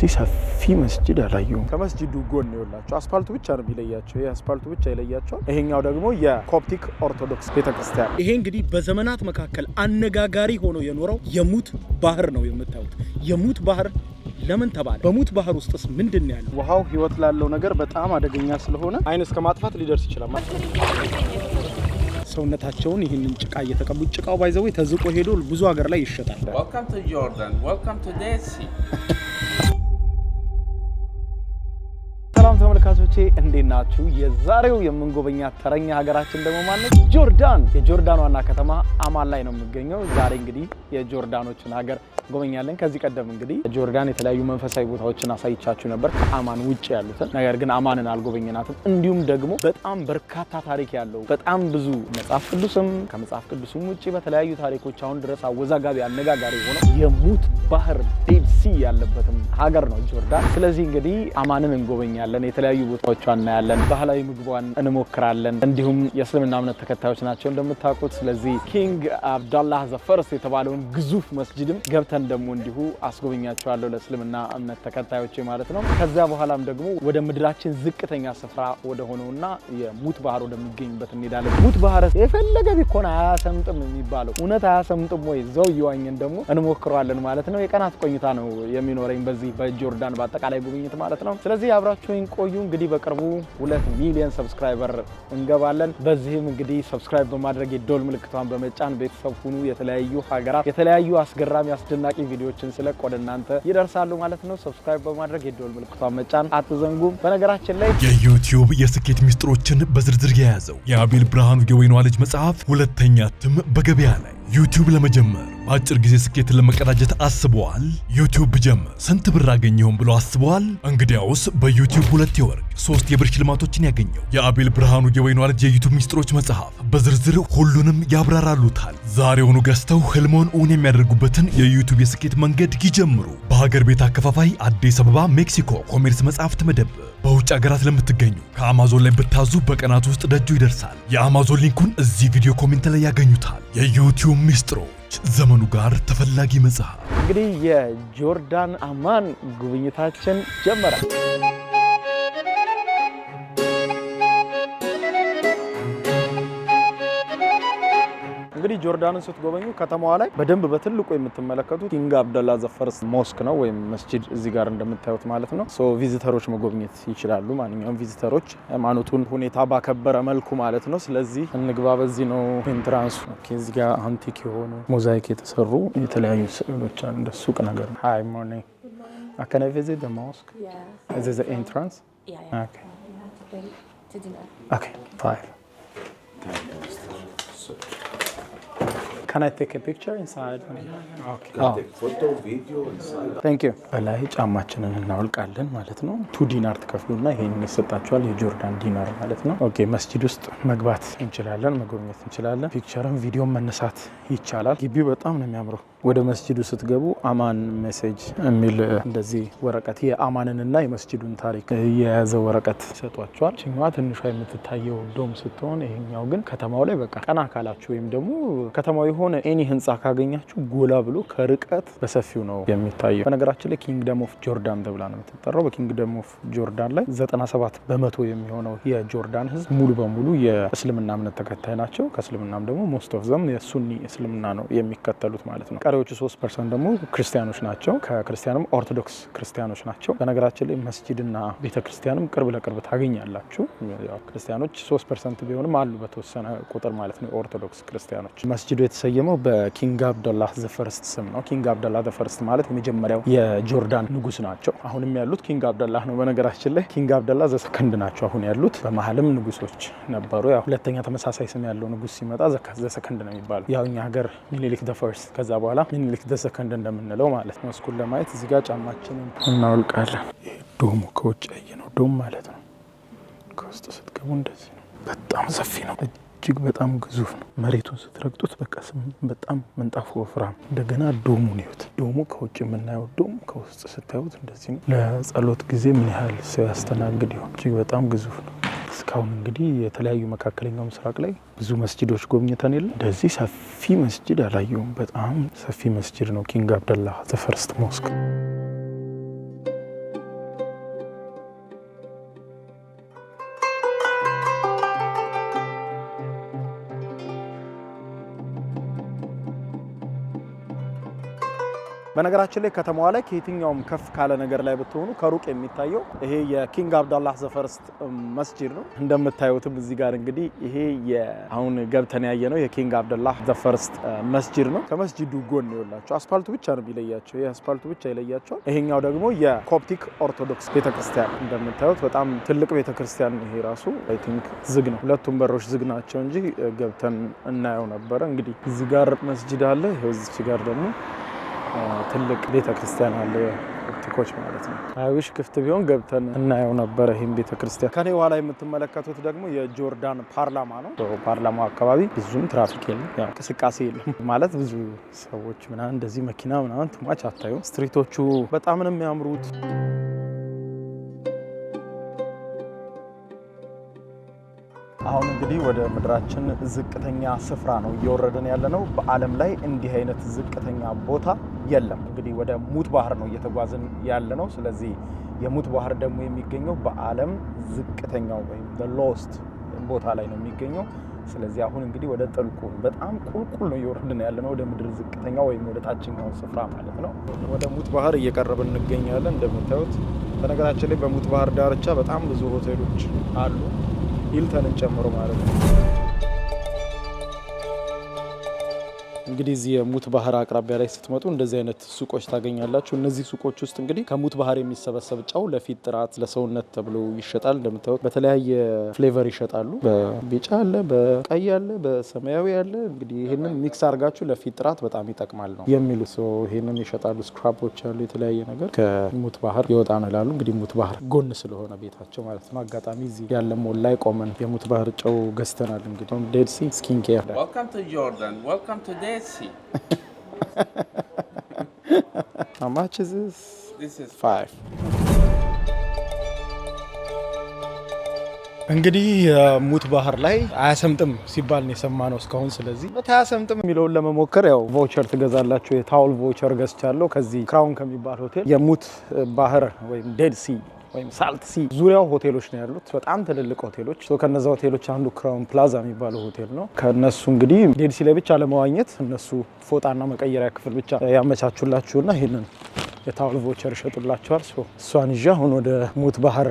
እንደዚህ ሰፊ መስጅድ አላየሁም። ከመስጅዱ ጎን ይኸውላቸው አስፓልቱ ብቻ ነው የሚለያቸው። ይህ አስፓልቱ ብቻ ይለያቸዋል። ይሄኛው ደግሞ የኮፕቲክ ኦርቶዶክስ ቤተክርስቲያን። ይሄ እንግዲህ በዘመናት መካከል አነጋጋሪ ሆኖ የኖረው የሙት ባህር ነው የምታዩት። የሙት ባህር ለምን ተባለ? በሙት ባህር ውስጥስ ምንድን ነው ያለው? ውሃው ህይወት ላለው ነገር በጣም አደገኛ ስለሆነ አይን እስከ ማጥፋት ሊደርስ ይችላል። ሰውነታቸውን ይህንን ጭቃ እየተቀቡ ጭቃው ባይዘው ተዝቆ ሄዶ ብዙ ሀገር ላይ ይሸጣል። ተመልካቾቼ እንዴት ናችሁ? የዛሬው የምንጎበኛት ተረኛ ሀገራችን ደግሞ ማነች? ጆርዳን። የጆርዳን ዋና ከተማ አማን ላይ ነው የሚገኘው። ዛሬ እንግዲህ የጆርዳኖችን ሀገር ጎበኛለን። ከዚህ ቀደም እንግዲህ ጆርዳን የተለያዩ መንፈሳዊ ቦታዎችን አሳይቻችሁ ነበር፣ ከአማን ውጭ ያሉትን። ነገር ግን አማንን አልጎበኘናትም። እንዲሁም ደግሞ በጣም በርካታ ታሪክ ያለው በጣም ብዙ መጽሐፍ ቅዱስም ከመጽሐፍ ቅዱስም ውጭ በተለያዩ ታሪኮች አሁን ድረስ አወዛጋቢ አነጋጋሪ የሆነው የሙት ባህር ቤት ሲ ያለበትም ሀገር ነው ጆርዳን። ስለዚህ እንግዲህ አማንን እንጎበኛለን፣ የተለያዩ ቦታዎቿ እናያለን፣ ባህላዊ ምግቧን እንሞክራለን። እንዲሁም የእስልምና እምነት ተከታዮች ናቸው እንደምታውቁት። ስለዚህ ኪንግ አብዳላህ ዘፈርስ የተባለውን ግዙፍ መስጅድም ገብተን ደግሞ እንዲሁ አስጎበኛቸዋለሁ ለእስልምና እምነት ተከታዮች ማለት ነው። ከዚያ በኋላም ደግሞ ወደ ምድራችን ዝቅተኛ ስፍራ ወደ ሆነውና የሙት ባህር ወደሚገኝበት እንሄዳለን። ሙት ባህር የፈለገ ቢኮን አያሰምጥም የሚባለው እውነት አያሰምጥም ወይ? ዘው እየዋኘን ደግሞ እንሞክረዋለን ማለት ነው። የቀናት ቆይታ ነው ነው የሚኖረኝ በዚህ በጆርዳን በአጠቃላይ ጉብኝት ማለት ነው። ስለዚህ አብራችሁኝ ቆዩ። እንግዲህ በቅርቡ ሁለት ሚሊዮን ሰብስክራይበር እንገባለን። በዚህም እንግዲህ ሰብስክራይብ በማድረግ የዶል ምልክቷን በመጫን ቤተሰብ ሁኑ። የተለያዩ ሀገራት የተለያዩ አስገራሚ አስደናቂ ቪዲዮችን ስለቅ ወደ እናንተ ይደርሳሉ ማለት ነው። ሰብስክራይብ በማድረግ የዶል ምልክቷን መጫን አትዘንጉም። በነገራችን ላይ የዩቲዩብ የስኬት ሚስጥሮችን በዝርዝር የያዘው የአቤል ብርሃኑ የወይኗ ልጅ መጽሐፍ ሁለተኛ እትም በገበያ ላይ ዩቲዩብ ለመጀመር በአጭር ጊዜ ስኬትን ለመቀዳጀት አስበዋል? ዩቲዩብ ብጀምር ስንት ብር አገኘሁም ብለው አስበዋል? እንግዲያውስ በዩቲዩብ ሁለት የወርቅ ሶስት የብር ሽልማቶችን ያገኘው የአቤል ብርሃኑ የወይኗ ልጅ የዩቲዩብ ሚስጥሮች መጽሐፍ በዝርዝር ሁሉንም ያብራራሉታል። ዛሬውኑ ገዝተው ህልሞን እውን የሚያደርጉበትን የዩቲዩብ የስኬት መንገድ ይጀምሩ። በሀገር ቤት አከፋፋይ አዲስ አበባ ሜክሲኮ ኮሜርስ መጽሐፍት መደብር በውጭ ሀገራት ለምትገኙ ከአማዞን ላይ ብታዙ በቀናት ውስጥ ደጁ ይደርሳል። የአማዞን ሊንኩን እዚህ ቪዲዮ ኮሜንት ላይ ያገኙታል። የዩቲዩብ ሚስጥሮች ዘመኑ ጋር ተፈላጊ መጽሐፍ። እንግዲህ የጆርዳን አማን ጉብኝታችን ጀመራል። እንግዲህ ጆርዳንን ስትጎበኙ ከተማዋ ላይ በደንብ በትልቁ የምትመለከቱት ኪንግ አብደላ ዘፈርስ ሞስክ ነው ወይም መስጂድ እዚህ ጋር እንደምታዩት ማለት ነው። ሶ ቪዚተሮች መጎብኘት ይችላሉ። ማንኛውም ቪዚተሮች ሃይማኖቱን ሁኔታ ባከበረ መልኩ ማለት ነው። ስለዚህ እንግባ። በዚህ ነው ኤንትራንሱ። እዚህ ጋር አንቲክ የሆኑ ሞዛይክ የተሰሩ የተለያዩ ስዕሎች አሉ። እንደ ሱቅ ነገር ነው። ሃይ ሞርኒንግ አካን አይ ቪዚት ዘ ሞስክ ኢዝ ዘ ኢንትራንስ ኦኬ ፋይቭ በላይ ጫማችንን እናወልቃለን ማለት ነው። ቱ ዲናር ትከፍሉና ይሄን ይሰጣችኋል። የጆርዳን ዲናር ማለት ነው። ኦኬ መስጂድ ውስጥ መግባት እንችላለን፣ መጎብኘት እንችላለን። ፒክቸርም ቪዲዮ መነሳት ይቻላል። ግቢው በጣም ነው የሚያምረው። ወደ መስጅዱ ስትገቡ አማን ሜሴጅ የሚል እንደዚህ ወረቀት የአማንንና የመስጅዱን ታሪክ የያዘ ወረቀት ይሰጧቸዋል። ችኛዋ ትንሿ የምትታየው ዶም ስትሆን ይሄኛው ግን ከተማው ላይ በቃ ቀና አካላችሁ ወይም ደግሞ ከተማው የሆነ ኤኒ ህንፃ ካገኛችሁ ጎላ ብሎ ከርቀት በሰፊው ነው የሚታየው። በነገራችን ላይ ኪንግደም ኦፍ ጆርዳን ተብላ ነው የምትጠራው። በኪንግደም ኦፍ ጆርዳን ላይ 97 በመቶ የሚሆነው የጆርዳን ህዝብ ሙሉ በሙሉ የእስልምና እምነት ተከታይ ናቸው። ከእስልምናም ደግሞ ሞስት ኦፍ ዘም የሱኒ እስልምና ነው የሚከተሉት ማለት ነው። ቀሪዎቹ ሶስት ፐርሰንት ደግሞ ክርስቲያኖች ናቸው። ከክርስቲያንም ኦርቶዶክስ ክርስቲያኖች ናቸው። በነገራችን ላይ መስጂድና ቤተ ክርስቲያንም ቅርብ ለቅርብ ታገኛላችሁ። ክርስቲያኖች ሶስት ፐርሰንት ቢሆንም አሉ በተወሰነ ቁጥር ማለት ነው። የኦርቶዶክስ ክርስቲያኖች መስጂዱ የተሰየመው በኪንግ አብደላ ዘፈርስት ስም ነው። ኪንግ አብደላ ዘፈርስት ማለት የመጀመሪያው የጆርዳን ንጉስ ናቸው። አሁንም ያሉት ኪንግ አብደላ ነው። በነገራችን ላይ ኪንግ አብደላ ዘሰከንድ ናቸው አሁን ያሉት። በመሀልም ንጉሶች ነበሩ። ያው ሁለተኛ ተመሳሳይ ስም ያለው ንጉስ ሲመጣ ዘሰከንድ ነው የሚባለው። ያው እኛ ሀገር ሚኒሊክ ዘፈርስት ከዛ በኋላ በኋላ ሚኒሊክ ዘሰከንድ እንደምንለው ማለት ነው። እስኩን ለማየት እዚህ ጋር ጫማችንን እናወልቃለን። ይህ ዶሙ ከውጭ ያየ ነው። ዶም ማለት ነው። ከውስጥ ስትገቡ እንደዚህ ነው። በጣም ሰፊ ነው። እጅግ በጣም ግዙፍ ነው። መሬቱን ስትረግጡት በቃ በጣም ምንጣፉ ወፍራም። እንደገና ዶሙን ይዩት። ዶሙ ከውጭ የምናየው ዶም ከውስጥ ስታዩት እንደዚህ ነው። ለጸሎት ጊዜ ምን ያህል ሰው ያስተናግድ ይሆን? እጅግ በጣም ግዙፍ ነው። እስካሁን እንግዲህ የተለያዩ መካከለኛው ምስራቅ ላይ ብዙ መስጅዶች ጎብኝተን የለ እንደዚህ ሰፊ መስጅድ አላየውም። በጣም ሰፊ መስጅድ ነው። ኪንግ አብደላ ዘፈርስት ሞስክ በነገራችን ላይ ከተማዋ ላይ ከየትኛውም ከፍ ካለ ነገር ላይ ብትሆኑ ከሩቅ የሚታየው ይሄ የኪንግ አብዳላህ ዘፈርስት መስጂድ ነው። እንደምታዩትም እዚህ ጋር እንግዲህ ይሄ አሁን ገብተን ያየ ነው የኪንግ አብደላህ ዘፈርስት መስጂድ ነው። ከመስጂዱ ጎን ይወላቸው አስፓልቱ ብቻ ነው የሚለያቸው። ይህ አስፓልቱ ብቻ ይለያቸዋል። ይሄኛው ደግሞ የኮፕቲክ ኦርቶዶክስ ቤተክርስቲያን እንደምታዩት በጣም ትልቅ ቤተክርስቲያን ይሄ ራሱ አይ ቲንክ ዝግ ነው። ሁለቱም በሮች ዝግ ናቸው እንጂ ገብተን እናየው ነበረ። እንግዲህ እዚህ ጋር መስጂድ አለ። እዚች ጋር ደግሞ ትልቅ ቤተ ክርስቲያን አለ። ኦፕቲኮች ማለት ነው። አይዊሽ ክፍት ቢሆን ገብተን እናየው ነበረ ይህም ቤተ ክርስቲያን። ከኔ ኋላ የምትመለከቱት ደግሞ የጆርዳን ፓርላማ ነው። ፓርላማው አካባቢ ብዙም ትራፊክ የለም፣ እንቅስቃሴ የለም ማለት ብዙ ሰዎች ምናምን እንደዚህ መኪና ምናምን ትማች አታዩም። ስትሪቶቹ በጣም ነው የሚያምሩት። አሁን እንግዲህ ወደ ምድራችን ዝቅተኛ ስፍራ ነው እየወረድን ያለ ነው። በዓለም ላይ እንዲህ አይነት ዝቅተኛ ቦታ የለም። እንግዲህ ወደ ሙት ባህር ነው እየተጓዝን ያለ ነው። ስለዚህ የሙት ባህር ደግሞ የሚገኘው በዓለም ዝቅተኛው ወይም ሎስት ቦታ ላይ ነው የሚገኘው። ስለዚህ አሁን እንግዲህ ወደ ጥልቁ በጣም ቁልቁል ነው እየወረድን ያለ ነው፣ ወደ ምድር ዝቅተኛ ወይም ወደ ታችኛው ስፍራ ማለት ነው። ወደ ሙት ባህር እየቀረብን እንገኛለን እንደምታዩት። በነገራችን ላይ በሙት ባህር ዳርቻ በጣም ብዙ ሆቴሎች አሉ። ይልጠንን ጨምሮ ማለት ነው። እንግዲህ እዚህ የሙት ባህር አቅራቢያ ላይ ስትመጡ እንደዚህ አይነት ሱቆች ታገኛላችሁ። እነዚህ ሱቆች ውስጥ እንግዲህ ከሙት ባህር የሚሰበሰብ ጨው ለፊት ጥራት፣ ለሰውነት ተብሎ ይሸጣል። እንደምታወቅ በተለያየ ፍሌቨር ይሸጣሉ። በቢጫ አለ፣ በቀይ አለ፣ በሰማያዊ አለ። እንግዲህ ይህንን ሚክስ አድርጋችሁ ለፊት ጥራት በጣም ይጠቅማል ነው የሚሉ ሰው ይህንን ይሸጣሉ። ስክራፖች አሉ፣ የተለያየ ነገር ከሙት ባህር ይወጣ ነው ይላሉ። እንግዲህ ሙት ባህር ጎን ስለሆነ ቤታቸው ማለት ነው። አጋጣሚ እዚህ ያለ ሞል ላይ ቆመን የሙት ባህር ጨው ገዝተናል። እንግዲህ ዴድሲ ስኪን ኬር Messi. How much is this? This is five. እንግዲህ ሙት ባህር ላይ አያሰምጥም ሲባል ነው የሰማነው እስካሁን። ስለዚህ አያሰምጥም የሚለውን ለመሞከር ያው ቮቸር ትገዛላችሁ። የታውል ቮቸር ገዝቻለሁ ከዚህ ክራውን ከሚባል ሆቴል የሙት ባህር ወይም ዴድ ሲ ወይም ሳልት ሲ ዙሪያው ሆቴሎች ነው ያሉት፣ በጣም ትልልቅ ሆቴሎች። ከነዛ ሆቴሎች አንዱ ክራውን ፕላዛ የሚባለው ሆቴል ነው። ከነሱ እንግዲህ ዴድ ሲ ላይ ብቻ ለመዋኘት እነሱ ፎጣና መቀየሪያ ክፍል ብቻ ያመቻቹላችሁና ይህንን የታውል ቮቸር ይሸጡላችኋል። እሷን ይዤ አሁን ወደ ሙት ባህር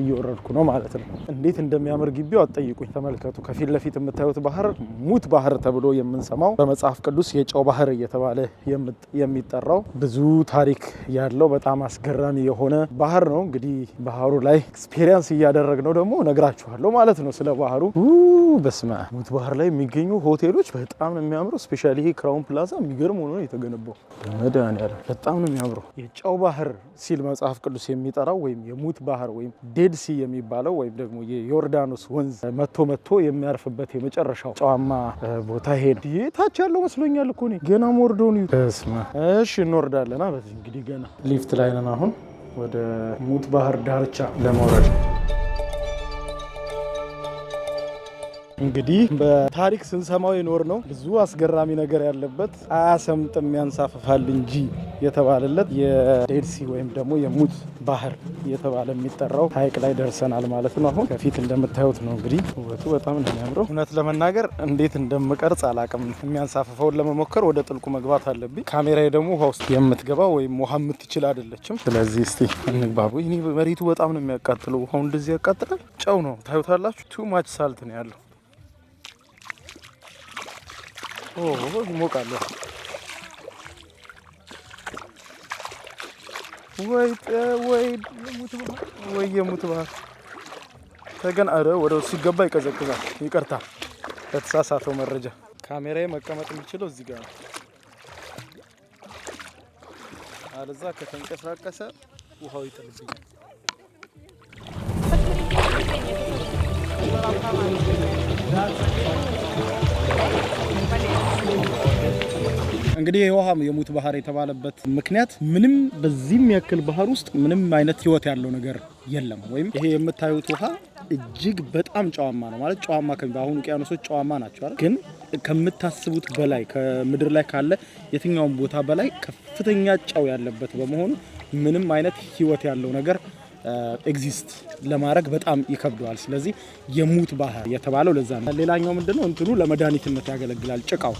እየወረድኩ ነው ማለት ነው። እንዴት እንደሚያምር ግቢው አትጠይቁኝ። ተመልከቱ። ከፊት ለፊት የምታዩት ባህር ሙት ባህር ተብሎ የምንሰማው በመጽሐፍ ቅዱስ የጨው ባህር እየተባለ የሚጠራው ብዙ ታሪክ ያለው በጣም አስገራሚ የሆነ ባህር ነው። እንግዲህ ባህሩ ላይ ኤክስፔሪንስ እያደረግ ነው ደግሞ ነግራችኋለሁ ማለት ነው ስለ ባህሩ። በስመ አብ ሙት ባህር ላይ የሚገኙ ሆቴሎች በጣም ነው የሚያምሩ ስፔሻሊ ይሄ ክራውን ፕላዛ የሚገርም ሆኖ የተገነባው በመድኃኒዓለም በጣም ነው የሚያምረው። የጨው ባህር ሲል መጽሐፍ ቅዱስ የሚጠራው ወይም የሙት ባህር ወይም ዴድ ሲ የሚባለው ወይም ደግሞ የዮርዳኖስ ወንዝ መቶ መቶ የሚያርፍበት የመጨረሻው ጨዋማ ቦታ ይሄ ነው። ታች ያለው መስሎኛል እኮ እኔ ገና ሞርዶን ስማ። እሺ እንወርዳለና እንግዲህ ገና ሊፍት ላይ ነን አሁን ወደ ሙት ባህር ዳርቻ ለመውረድ እንግዲህ በታሪክ ስንሰማው የኖር ነው ብዙ አስገራሚ ነገር ያለበት አያሰምጥም ያንሳፍፋል እንጂ የተባለለት የዴድሲ ወይም ደግሞ የሙት ባህር እየተባለ የሚጠራው ሀይቅ ላይ ደርሰናል ማለት ነው። አሁን ከፊት እንደምታዩት ነው እንግዲህ ውበቱ በጣም ነው የሚያምረው። እውነት ለመናገር እንዴት እንደምቀርጽ አላቅም። የሚያንሳፍፈውን ለመሞከር ወደ ጥልቁ መግባት አለብኝ። ካሜራ ደግሞ ውሃ ውስጥ የምትገባ ወይም ውሃ የምትችል አይደለችም። ስለዚህ እስቲ እንግባቡ። ይህ መሬቱ በጣም ነው የሚያቃጥለው። ውሃው እንደዚህ ያቃጥላል። ጨው ነው ታዩታላችሁ። ቱ ማች ሳልት ነው ያለው ይሞቃለሁ። ወይ የሙት ባህር ተገን። ኧረ ወደ ውስጥ ሲገባ ይቀዘቅዛል። ይቅርታ ለተሳሳተው መረጃ። ካሜራዬ መቀመጥ የሚችለው እዚህ ጋር ነው። አለዛ ከተንቀሳቀሰ ውሃው ይጥልብኛል። እንግዲህ የውሃ የሙት ባህር የተባለበት ምክንያት ምንም በዚህም ያክል ባህር ውስጥ ምንም አይነት ህይወት ያለው ነገር የለም። ወይም ይሄ የምታዩት ውሃ እጅግ በጣም ጨዋማ ነው። ማለት ጨዋማ ከሚ አሁን ውቅያኖሶች ጨዋማ ናቸው አይደል? ግን ከምታስቡት በላይ ከምድር ላይ ካለ የትኛውም ቦታ በላይ ከፍተኛ ጨው ያለበት በመሆኑ ምንም አይነት ህይወት ያለው ነገር ኤግዚስት ለማድረግ በጣም ይከብደዋል። ስለዚህ የሙት ባህር የተባለው ለዛ ነው። ሌላኛው ምንድነው እንትኑ ለመድኃኒትነት ያገለግላል ጭቃው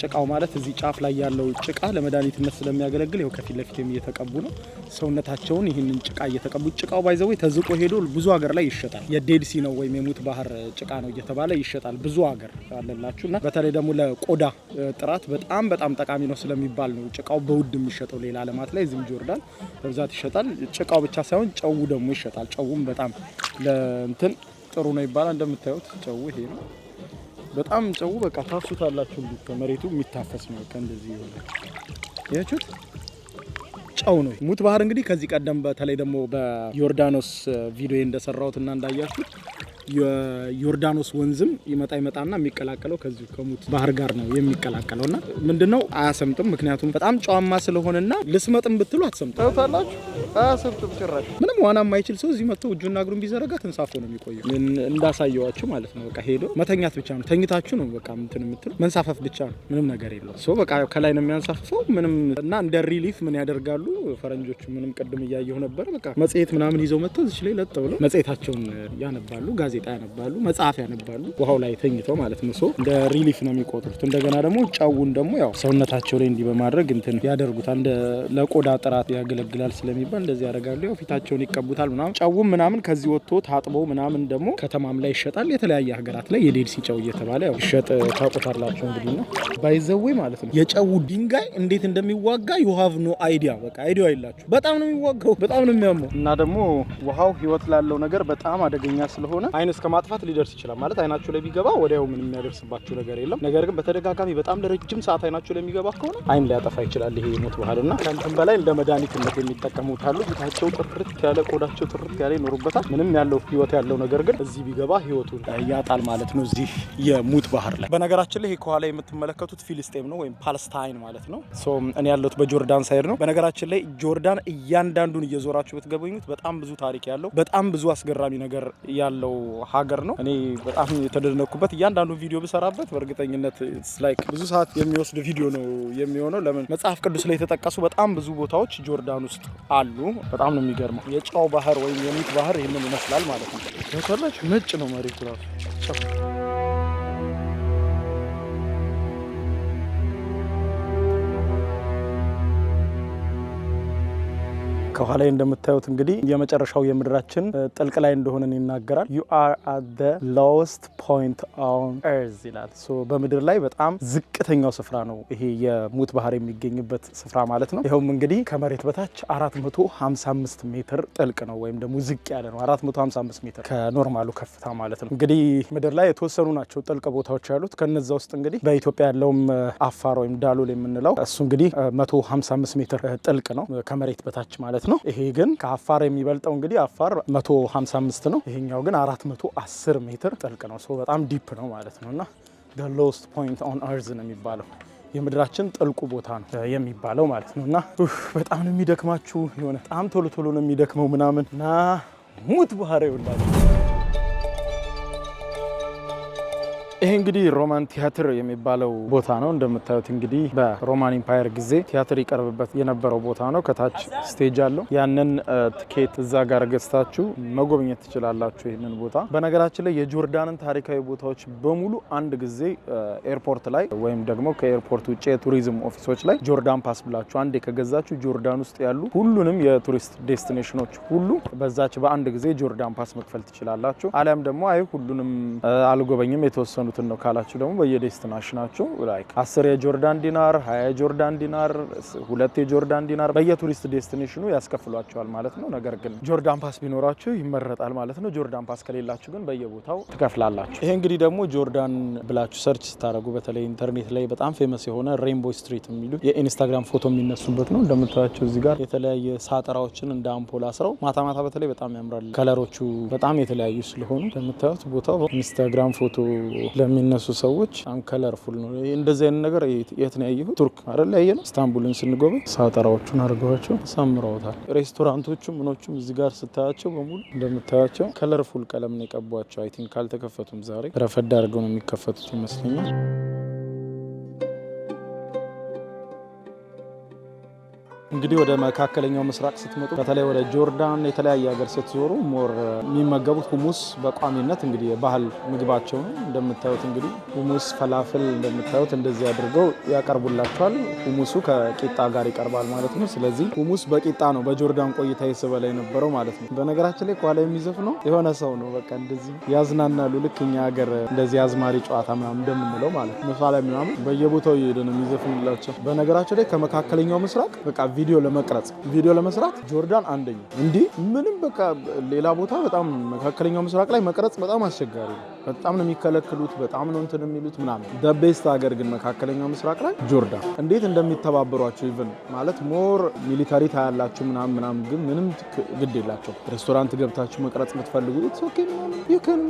ጭቃው ማለት እዚህ ጫፍ ላይ ያለው ጭቃ ለመድኃኒትነት ስለሚያገለግል ይኸው ከፊት ለፊትም እየተቀቡ ነው ሰውነታቸውን ይህንን ጭቃ እየተቀቡ ጭቃው ባይዘወይ ተዝቆ ሄዶ ብዙ ሀገር ላይ ይሸጣል። የዴልሲ ነው ወይም የሙት ባህር ጭቃ ነው እየተባለ ይሸጣል። ብዙ ሀገር አለላችሁ እና በተለይ ደግሞ ለቆዳ ጥራት በጣም በጣም ጠቃሚ ነው ስለሚባል ነው ጭቃው በውድ የሚሸጠው። ሌላ አለማት ላይ ዝም ጆርዳን በብዛት ይሸጣል። ጭቃው ብቻ ሳይሆን ጨው ደግሞ ይሸጣል። ጨውም በጣም ለእንትን ጥሩ ነው ይባላል። እንደምታዩት ጨው ይሄ ነው። በጣም ጨው በቃ ታፍሱታላችሁ። ከመሬቱ የሚታፈስ ነው። ከእንደዚህ ይሆነ ያችሁት ጨው ነው። ሙት ባህር እንግዲህ ከዚህ ቀደም በተለይ ደግሞ በዮርዳኖስ ቪዲዮ እንደሰራሁት እና እንዳያችሁት የዮርዳኖስ ወንዝም ይመጣ ይመጣና የሚቀላቀለው ከዚሁ ከሙት ባህር ጋር ነው የሚቀላቀለውና ምንድነው አያሰምጥም። ምክንያቱም በጣም ጨዋማ ስለሆነና ልስመጥም ብትሉ አትሰምጥም ታላችሁ አያሰብጥም ጭራሽ። ምንም ዋና የማይችል ሰው እዚህ መጥቶ እጁና እግሩን ቢዘረጋ ተንሳፎ ነው የሚቆየው። እንዳሳየዋችሁ ማለት ነው። በቃ ሄዶ መተኛት ብቻ ነው። ተኝታችሁ ነው በቃ እንትን የምትሉ መንሳፈፍ ብቻ ነው። ምንም ነገር የለው። ሰው በቃ ከላይ ነው የሚያንሳፍፈው ምንም እና እንደ ሪሊፍ ምን ያደርጋሉ ፈረንጆቹ። ምንም ቅድም እያየሁ ነበር። በቃ መጽሔት ምናምን ይዘው መጥተው እዚች ላይ ለጥ ብለው መጽሔታቸውን ያነባሉ፣ ጋዜጣ ያነባሉ፣ መጽሐፍ ያነባሉ። ውሃው ላይ ተኝተው ማለት ነው። ሰው እንደ ሪሊፍ ነው የሚቆጥሩት። እንደገና ደግሞ ጨውን ደግሞ ያው ሰውነታቸው ላይ እንዲህ በማድረግ እንትን ያደርጉታል። እንደ ለቆዳ ጥራት ያገለግላል ስለሚባል እንደዚህ ያደርጋሉ። ያው ፊታቸውን ይቀቡታል ምናምን። ጨውም ምናምን ከዚህ ወጥቶ ታጥቦ ምናምን ደግሞ ከተማም ላይ ይሸጣል። የተለያየ ሀገራት ላይ የዴልሲ ጨው እየተባለ ያው ይሸጥ ታውቁታላችሁ። እንግዲህ ነው ባይዘዌ ማለት ነው። የጨው ድንጋይ እንዴት እንደሚዋጋ ዩ ሀቭ ኖ አይዲያ። በቃ አይዲያ የላችሁ። በጣም ነው የሚዋጋው፣ በጣም ነው የሚያመው። እና ደግሞ ውሃው ህይወት ላለው ነገር በጣም አደገኛ ስለሆነ አይን እስከ ማጥፋት ሊደርስ ይችላል። ማለት አይናችሁ ላይ ቢገባ ወዲያው ምን የሚያደርስባችሁ ነገር የለም። ነገር ግን በተደጋጋሚ በጣም ለረጅም ሰዓት አይናችሁ ላይ የሚገባ ከሆነ አይን ሊያጠፋ ይችላል። ይሄ የሞት ባህልና ከንትን በላይ እንደ መድኃኒትነት የሚጠቀሙት አሉ። ፊታቸው ጥርት ያለ ቆዳቸው ጥርት ያለ ይኖሩበታል። ምንም ያለው ህይወት ያለው ነገር ግን እዚህ ቢገባ ህይወቱን ያጣል ማለት ነው። እዚህ የሙት ባህር ላይ በነገራችን ላይ ከኋላ የምትመለከቱት ፊልስጤም ነው ወይም ፓለስታይን ማለት ነው። እኔ ያለሁት በጆርዳን ሳይድ ነው። በነገራችን ላይ ጆርዳን እያንዳንዱን እየዞራችሁ ብትገበኙት በጣም ብዙ ታሪክ ያለው በጣም ብዙ አስገራሚ ነገር ያለው ሀገር ነው። እኔ በጣም የተደነኩበት እያንዳንዱ ቪዲዮ ብሰራበት በእርግጠኝነት ላይክ ብዙ ሰዓት የሚወስድ ቪዲዮ ነው የሚሆነው። ለምን መጽሐፍ ቅዱስ ላይ የተጠቀሱ በጣም ብዙ ቦታዎች ጆርዳን ውስጥ አሉ በጣም ነው የሚገርመው። የጨው ባህር ወይም የሚት ባህር ይህንን ይመስላል ማለት ነው። ነጭ ነው መሬቱ ራሱ ከኋላ እንደምታዩት እንግዲህ የመጨረሻው የምድራችን ጥልቅ ላይ እንደሆነን ይናገራል። ዩ አር አት ዘ ሎወስት ፖይንት ኦን ኤርዝ ይላል። በምድር ላይ በጣም ዝቅተኛው ስፍራ ነው ይሄ የሙት ባህር የሚገኝበት ስፍራ ማለት ነው። ይኸውም እንግዲህ ከመሬት በታች 455 ሜትር ጥልቅ ነው ወይም ደግሞ ዝቅ ያለ ነው። 455 ሜትር ከኖርማሉ ከፍታ ማለት ነው። እንግዲህ ምድር ላይ የተወሰኑ ናቸው ጥልቅ ቦታዎች ያሉት። ከነዛ ውስጥ እንግዲህ በኢትዮጵያ ያለውም አፋር ወይም ዳሎል የምንለው እሱ እንግዲህ 155 ሜትር ጥልቅ ነው ከመሬት በታች ማለት ነው። ነው። ይሄ ግን ከአፋር የሚበልጠው እንግዲህ አፋር 155 ነው፣ ይሄኛው ግን 410 ሜትር ጥልቅ ነው። ሶ በጣም ዲፕ ነው ማለት ነው እና ሎስት ፖይንት ኦን አርዝ ነው የሚባለው የምድራችን ጥልቁ ቦታ ነው የሚባለው ማለት ነው እና በጣም ነው የሚደክማችሁ የሆነ በጣም ቶሎ ቶሎ ነው የሚደክመው ምናምን እና ሙት ባህር ይውላል ይሄ እንግዲህ ሮማን ቲያትር የሚባለው ቦታ ነው። እንደምታዩት እንግዲህ በሮማን ኢምፓየር ጊዜ ቲያትር ይቀርብበት የነበረው ቦታ ነው። ከታች ስቴጅ አለው። ያንን ትኬት እዛ ጋር ገዝታችሁ መጎብኘት ትችላላችሁ ይህንን ቦታ። በነገራችን ላይ የጆርዳንን ታሪካዊ ቦታዎች በሙሉ አንድ ጊዜ ኤርፖርት ላይ ወይም ደግሞ ከኤርፖርት ውጭ የቱሪዝም ኦፊሶች ላይ ጆርዳን ፓስ ብላችሁ አንዴ ከገዛችሁ ጆርዳን ውስጥ ያሉ ሁሉንም የቱሪስት ዴስቲኔሽኖች ሁሉ በዛች በአንድ ጊዜ ጆርዳን ፓስ መክፈል ትችላላችሁ። አሊያም ደግሞ አይ ሁሉንም አልጎበኝም የተወሰኑ የምትፈልጉትን ነው ካላችሁ ደግሞ በየዴስቲናሽናችሁ ላይክ አስር የጆርዳን ዲናር፣ ሀያ የጆርዳን ዲናር፣ ሁለት የጆርዳን ዲናር በየቱሪስት ዴስቲኔሽኑ ያስከፍሏቸዋል ማለት ነው። ነገር ግን ጆርዳን ፓስ ቢኖራችሁ ይመረጣል ማለት ነው። ጆርዳን ፓስ ከሌላችሁ ግን በየቦታው ትከፍላላችሁ። ይሄ እንግዲህ ደግሞ ጆርዳን ብላችሁ ሰርች ስታደረጉ በተለይ ኢንተርኔት ላይ በጣም ፌመስ የሆነ ሬንቦ ስትሪት የሚሉት የኢንስታግራም ፎቶ የሚነሱበት ነው። እንደምታያቸው እዚህ ጋር የተለያየ ሳጠራዎችን እንደ አምፖል አስረው ማታ ማታ በተለይ በጣም ያምራል። ከለሮቹ በጣም የተለያዩ ስለሆኑ እንደምታዩት ቦታው ኢንስታግራም ፎቶ ለሚነሱ ሰዎች በጣም ከለርፉል ነው። እንደዚህ አይነት ነገር የት ነው ያየሁት? ቱርክ አይደል ያየ ነው። እስታንቡልን ስንጎበኝ ሳጠራዎቹን አድርገዋቸው ሰምረውታል ሬስቶራንቶቹም ምኖቹም እዚህ ጋር ስታያቸው በሙሉ እንደምታያቸው ከለርፉል ቀለም ነው የቀቧቸው። አይ ቲንክ ካልተከፈቱም ዛሬ ረፈድ አድርገው ነው የሚከፈቱት ይመስለኛል። እንግዲህ ወደ መካከለኛው ምስራቅ ስትመጡ በተለይ ወደ ጆርዳን የተለያየ ሀገር ስትዞሩ ሞር የሚመገቡት ሁሙስ በቋሚነት እንግዲህ የባህል ምግባቸው ነው። እንደምታዩት እንግዲህ ሁሙስ ፈላፍል እንደምታዩት እንደዚህ አድርገው ያቀርቡላቸዋል። ሁሙሱ ከቂጣ ጋር ይቀርባል ማለት ነው። ስለዚህ ሁሙስ በቂጣ ነው በጆርዳን ቆይታ ስበላ የነበረው ማለት ነው። በነገራችን ላይ ከኋላ ነው የሆነ ሰው ነው። በቃ እንደዚህ ያዝናናሉ። ልክ እኛ ሀገር እንደዚህ አዝማሪ ጨዋታ ምናምን እንደምንለው ማለት ነው። ምሳሌ ላይ ምናምን በየቦታው እየሄደ ነው የሚዘፍንላቸው። በነገራችን ላይ ከመካከለኛው ምስራቅ በቃ ቪዲዮ ለመቅረጽ ቪዲዮ ለመስራት ጆርዳን አንደኛ። እንዲህ ምንም በቃ ሌላ ቦታ በጣም መካከለኛው ምስራቅ ላይ መቅረጽ በጣም አስቸጋሪ ነው። በጣም ነው የሚከለክሉት፣ በጣም ነው እንትን የሚሉት ምናምን። ደቤስት ሀገር ግን መካከለኛው ምስራቅ ላይ ጆርዳን እንዴት እንደሚተባበሯቸው ኢቨን ማለት ሞር ሚሊታሪ ታያላችሁ ምናምን ምናምን፣ ግን ምንም ግድ የላቸው። ሬስቶራንት ገብታችሁ መቅረጽ የምትፈልጉ ምናምን ይክን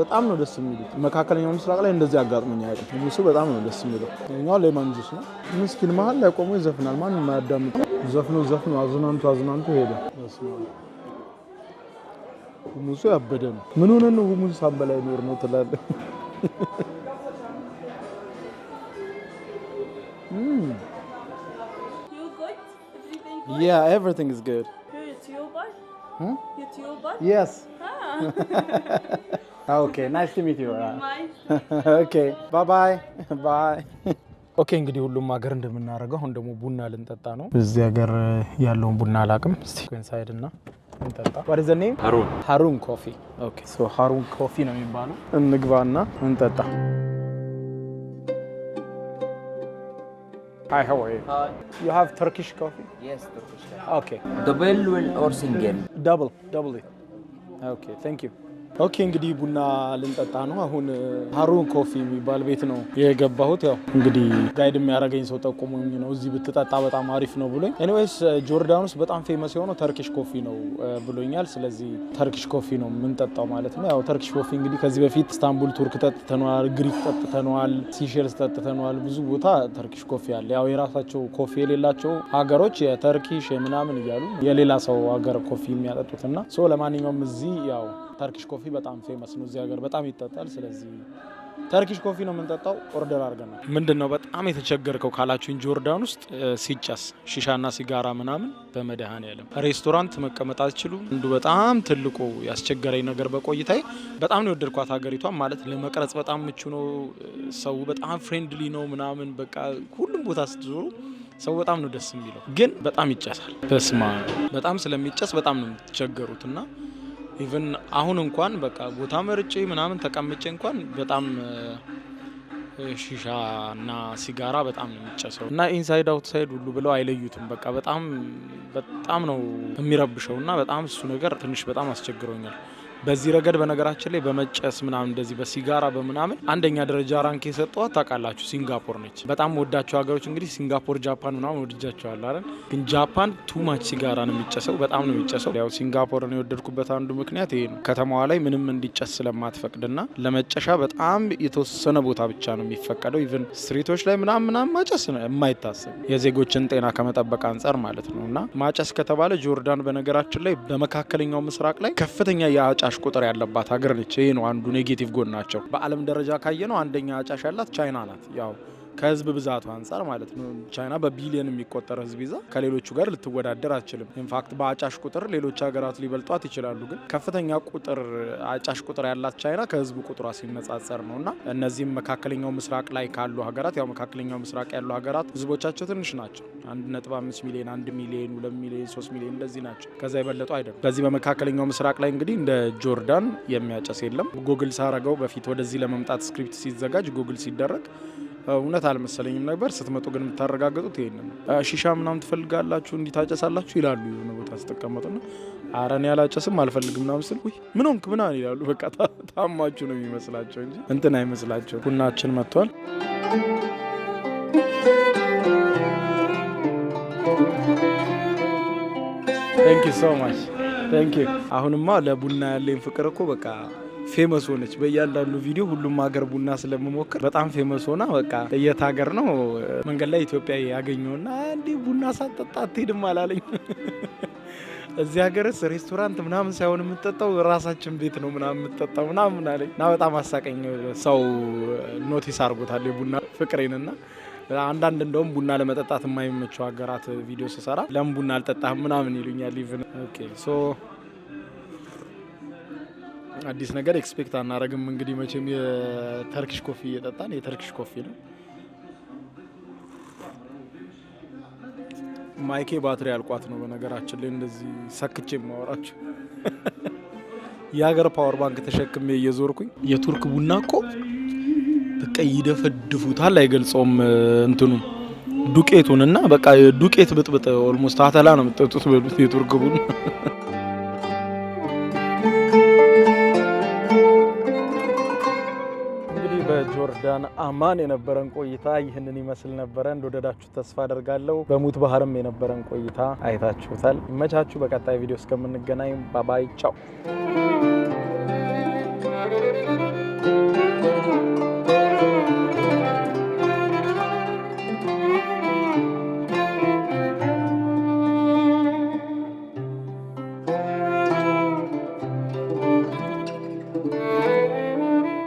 በጣም ነው ደስ የሚሉት። መካከለኛው ምስራቅ ላይ እንደዚህ አጋጥሞኝ ያውቅ። ጁሱ በጣም ነው ደስ የሚለው። እኛው ሌማን ጁስ ነው። ምስኪን መሀል ላይ ቆሞ ይዘፍናል፣ ማንም አያዳምጥ። ዘፍኖ ዘፍኖ አዝናንቱ አዝናንቱ ሄደ። ሁሙሱ ያበደ ነው። ምን ሆነ ነው ሁሙስ ሳንበላ ኖር ነው ትላለህ? ያ ኤቭሪቲንግ ኢዝ ጉድ Huh? Yes. okay, nice to meet you. okay, bye ኦኬ እንግዲህ ሁሉም ሀገር እንደምናደርገው አሁን ደግሞ ቡና ልንጠጣ ነው። እዚህ ሀገር ያለውን ቡና አላውቅም። እስቲ እና እንጠጣ። ዋት ኢዝ ዘ ኔም? ሃሩን ሃሩን ኮፊ። ኦኬ ሶ ሃሩን ኮፊ ነው የሚባለው። እንግባና እንጠጣ። Hi, how are you? You have Turkish coffee? Yes, Turkish Okay. Double or single? Double, double. Okay, thank you. ኦኬ እንግዲህ ቡና ልንጠጣ ነው። አሁን ሀሩን ኮፊ የሚባል ቤት ነው የገባሁት። ያው እንግዲህ ጋይድ የሚያደርገኝ ሰው ጠቁሞኝ ነው እዚህ ብትጠጣ በጣም አሪፍ ነው ብሎኝ፣ ኤኒዌይስ ጆርዳን ውስጥ በጣም ፌመስ የሆነው ተርኪሽ ኮፊ ነው ብሎኛል። ስለዚህ ተርኪሽ ኮፊ ነው የምንጠጣው ማለት ነው። ያው ተርኪሽ ኮፊ እንግዲህ ከዚህ በፊት ኢስታንቡል ቱርክ ጠጥተነዋል፣ ግሪክ ጠጥተነዋል፣ ሲሼልስ ጠጥተነዋል። ብዙ ቦታ ተርኪሽ ኮፊ አለ። ያው የራሳቸው ኮፊ የሌላቸው ሀገሮች የተርኪሽ ምናምን እያሉ የሌላ ሰው ሀገር ኮፊ የሚያጠጡትና ሶ ለማንኛውም እዚህ ያው ተርኪሽ ኮፊ በጣም ፌመስ ነው እዚህ ሀገር በጣም ይጠጣል። ስለዚህ ተርኪሽ ኮፊ ነው የምንጠጣው። ኦርደር አድርገናል። ምንድን ነው በጣም የተቸገርከው ካላችሁኝ፣ ጆርዳን ውስጥ ሲጨስ ሺሻና ሲጋራ ምናምን በመድኃኔዓለም ሬስቶራንት መቀመጥ አትችሉም። አንዱ በጣም ትልቁ ያስቸገረኝ ነገር በቆይታዬ በጣም ነው የወደድኳት ሀገሪቷን። ማለት ለመቅረጽ በጣም ምቹ ነው። ሰው በጣም ፍሬንድሊ ነው ምናምን በቃ ሁሉም ቦታ ስትዞሩ ሰው በጣም ነው ደስ የሚለው። ግን በጣም ይጨሳል። በስማ በጣም ስለሚጨስ በጣም ነው የምትቸገሩት እና ኢቨን አሁን እንኳን በቃ ቦታ መርጬ ምናምን ተቀምጬ እንኳን በጣም ሺሻ እና ሲጋራ በጣም ነው የሚጨሰው እና ኢንሳይድ አውትሳይድ ሁሉ ብለው አይለዩትም። በቃ በጣም በጣም ነው የሚረብሸው እና በጣም እሱ ነገር ትንሽ በጣም አስቸግሮኛል። በዚህ ረገድ በነገራችን ላይ በመጨስ ምናምን እንደዚህ በሲጋራ በምናምን አንደኛ ደረጃ ራንክ የሰጠዋት ታውቃላችሁ ሲንጋፖር ነች። በጣም ወዳቸው ሀገሮች እንግዲህ ሲንጋፖር፣ ጃፓን ምናምን ወድጃቸዋል አለን። ግን ጃፓን ቱማች ሲጋራ ነው የሚጨሰው፣ በጣም ነው የሚጨሰው። ያው ሲንጋፖርን የወደድኩበት አንዱ ምክንያት ይሄ ነው። ከተማዋ ላይ ምንም እንዲጨስ ስለማትፈቅድና ለመጨሻ በጣም የተወሰነ ቦታ ብቻ ነው የሚፈቀደው። ኢቨን ስትሪቶች ላይ ምናምን ምናምን ማጨስ ነው የማይታሰብ የዜጎችን ጤና ከመጠበቅ አንጻር ማለት ነው። እና ማጨስ ከተባለ ጆርዳን በነገራችን ላይ በመካከለኛው ምስራቅ ላይ ከፍተኛ የአጫ አጫሽ ቁጥር ያለባት ሀገር ነች። ይህ ነው አንዱ ኔጌቲቭ ጎን ናቸው። በዓለም ደረጃ ካየ ነው አንደኛ አጫሽ ያላት ቻይና ናት ያው ከህዝብ ብዛቱ አንጻር ማለት ነው። ቻይና በቢሊየን የሚቆጠር ህዝብ ይዛ ከሌሎቹ ጋር ልትወዳደር አትችልም። ኢንፋክት በአጫሽ ቁጥር ሌሎች ሀገራት ሊበልጧት ይችላሉ። ግን ከፍተኛ ቁጥር አጫሽ ቁጥር ያላት ቻይና ከህዝብ ቁጥሯ ሲነጻጸር ነው እና እነዚህም መካከለኛው ምስራቅ ላይ ካሉ ሀገራት ያው መካከለኛው ምስራቅ ያሉ ሀገራት ህዝቦቻቸው ትንሽ ናቸው። አንድ ነጥብ አምስት ሚሊዮን፣ አንድ ሚሊዮን፣ ሁለት ሚሊዮን፣ ሶስት ሚሊዮን እንደዚህ ናቸው። ከዛ የበለጡ አይደለም። በዚህ በመካከለኛው ምስራቅ ላይ እንግዲህ እንደ ጆርዳን የሚያጨስ የለም። ጉግል ሳረገው በፊት ወደዚህ ለመምጣት ስክሪፕት ሲዘጋጅ ጉግል ሲደረግ እውነት አልመሰለኝም ነበር። ስትመጡ ግን የምታረጋግጡት ይሄንን ሺሻ ምናምን ትፈልጋላችሁ እንዲታጨሳላችሁ ይላሉ። የሆነ ቦታ ስትቀመጡና ኧረ እኔ አላጨስም አልፈልግም ምናምን ስል ውይ ምን ሆንክ ምናምን ይላሉ። በቃ ታማችሁ ነው የሚመስላቸው እንጂ እንትን አይመስላቸው። ቡናችን መጥቷል። ቴንክ ዩ ሶ ማች ቴንክ ዩ። አሁንማ ለቡና ያለኝ ፍቅር እኮ በቃ ፌመስ ሆነች። በእያንዳንዱ ቪዲዮ ሁሉም ሀገር ቡና ስለምሞክር በጣም ፌመስ ሆና በቃ የት ሀገር ነው መንገድ ላይ ኢትዮጵያ ያገኘውና እንዴ ቡና ሳጠጣ አትሄድም አላለኝ። እዚህ ሀገርስ ሬስቶራንት ምናምን ሳይሆን የምጠጣው ራሳችን ቤት ነው ምናምን የምጠጣው ምናምን አለኝ እና በጣም አሳቀኝ። ሰው ኖቲስ አድርጎታል የቡና ፍቅሬንና አንዳንድ እንደውም ቡና ለመጠጣት የማይመቸው ሀገራት ቪዲዮ ስሰራ ለምን ቡና አልጠጣህም ምናምን ይሉኛል። ኢቭን ኦኬ ሶ አዲስ ነገር ኤክስፔክት አናረግም። እንግዲህ መቼም የተርኪሽ ኮፊ እየጠጣን የተርኪሽ ኮፊ ነው። ማይኬ ባትሪ አልቋት ነው በነገራችን ላይ እንደዚህ ሰክቼ የማወራቸው የሀገር ፓወር ባንክ ተሸክሜ እየዞርኩኝ። የቱርክ ቡና እኮ በቃ ይደፈድፉታል፣ አይገልጸውም እንትኑ ዱቄቱን እና በቃ ዱቄት ብጥብጥ ኦልሞስት አተላ ነው የምጠጡት የቱርክ ቡና ኪዳን አማን የነበረን ቆይታ ይህንን ይመስል ነበረ። እንደወደዳችሁ ተስፋ አደርጋለሁ። በሙት ባህርም የነበረን ቆይታ አይታችሁታል። ይመቻችሁ። በቀጣይ ቪዲዮ እስከምንገናኝ ባባይ ጫው